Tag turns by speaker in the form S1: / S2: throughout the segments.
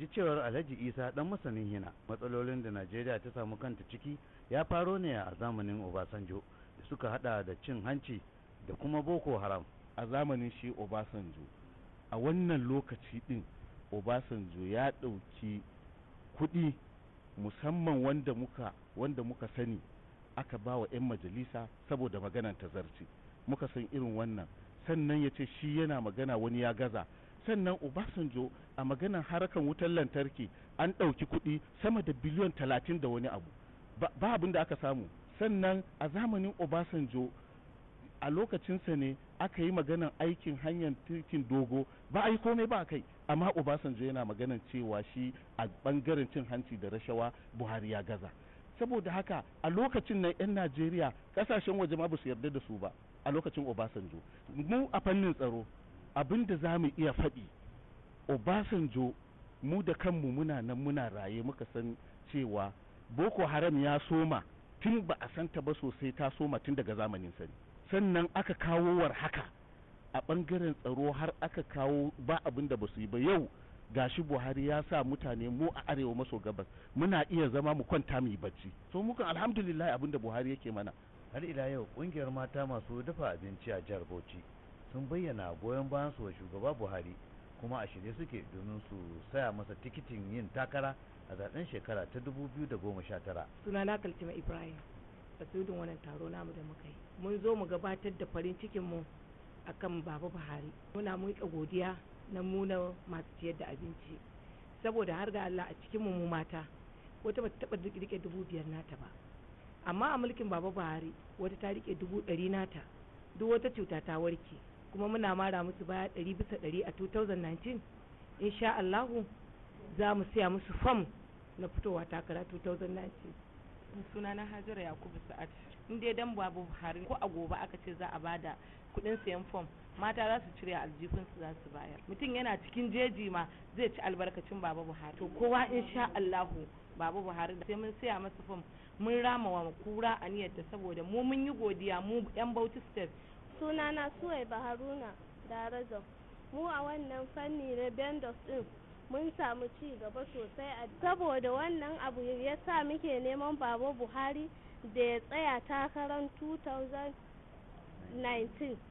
S1: ji cewar alhaji isa dan masanin hina matsalolin da najeriya ta samu kanta ciki ya faro ne a zamanin obasanjo da suka hada da cin hanci da kuma boko haram a zamanin shi obasanjo a wannan lokaci din obasanjo
S2: ya dauki kudi musamman wanda muka wanda muka sani aka ba wa 'yan majalisa saboda maganan tazarci muka san irin wannan sannan ya ce shi yana magana wani ya gaza sannan obasanjo a maganan harakan wutar lantarki an ɗauki kuɗi sama da biliyon talatin da wani abu ba abin da aka samu sannan a zamanin obasanjo a lokacinsa ne aka yi maganan aikin hanyar tirkin dogo ba a yi komai ba kai amma obasanjo yana maganan cewa shi a ɓangaren cin hanci da rashawa buhari ya gaza saboda haka a lokacin nan 'yan najeriya kasashen waje ma ba su yarda da su ba a lokacin obasanjo mu a fannin tsaro abin da za mu iya faɗi obasanjo mu da kanmu muna nan muna raye muka san cewa boko haram ya soma tun ba a santa ba sosai ta soma tun daga zamanin sani sannan aka kawo war haka a ɓangaren tsaro har aka kawo ba abin da ba su yi ba yau gashi buhari ya sa mutane mu a arewa maso gabas muna iya zama mu kwanta mu yi bacci so mukan alhamdulillah
S1: abin da buhari yake mana har ila yau kungiyar mata masu dafa abinci a jihar bauchi sun bayyana goyon bayan su wa shugaba buhari kuma a shirye suke domin su saya masa tikitin yin takara a zaben shekara ta 2019
S3: sunana kaltima ibrahim a sudin wannan taro namu da muka yi mun zo mu gabatar da farin cikin mu akan baba buhari muna muka godiya na muna masu ciyar da abinci saboda har ga allah a cikin mu mata wata bata taba rike dubu biyar nata ba amma a mulkin baba buhari wata ta rike dubu ɗari nata duk wata cuta ta warke kuma muna mara musu baya ɗari bisa ɗari a 2019 insha Allahu za mu siya musu fam na fitowa takara 2019 suna na hajara yakubu sa'ad in dai dan babu buhari ko a gobe aka ce za a bada kuɗin sayan fom mata za su cire su za su bayar mutum yana cikin jeji ma zai ci albarkacin baba buhari to kowa insha Allahu baba buhari sai mun siya musu fam mun rama wa kura aniyarta saboda mu mun yi godiya mu yan bauchi state sunana suwaiba
S4: haruna darazan mu a wannan fanni na bendos din mun samu ci gaba sosai a saboda wannan abu ya sa muke neman baba buhari da ya tsaya takarar 2019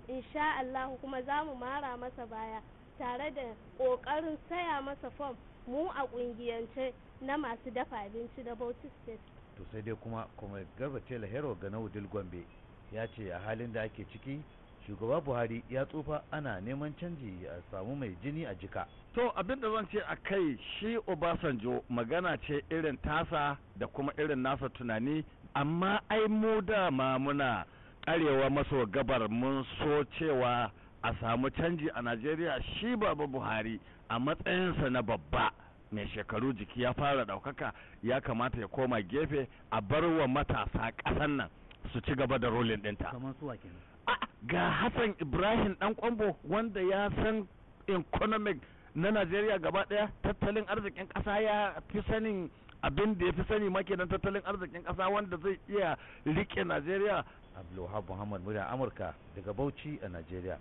S4: insha Allah kuma za mu mara masa baya tare da ƙoƙarin saya masa fom mu a ƙungiyance na masu dafa abinci da Bauchi State.
S1: To sai dai kuma kuma garba tela hero ga wudil gombe ya ce a halin da ake ciki shugaba buhari ya tsufa ana neman canji ya samu mai jini a jika
S5: to abinda zan ce a kai shi obasanjo magana ce irin tasa da kuma irin nasa tunani amma ai mu dama muna arewa maso gabar mun so cewa a samu canji a najeriya shi baba buhari a matsayinsa na babba mai shekaru jiki ya fara daukaka ya kamata ya koma gefe a bar wa matasa ƙasan nan su ci gaba da rolin ɗinta
S1: ga Hassan
S5: Ibrahim ɗan kwambo wanda ya san economic na Najeriya gaba ɗaya tattalin arzikin ƙasa ya fi sanin abin da ya fi sani ma kenan tattalin arzikin ƙasa wanda zai iya rike Najeriya
S1: Abdullahi Muhammad murya Amurka daga Bauchi a Najeriya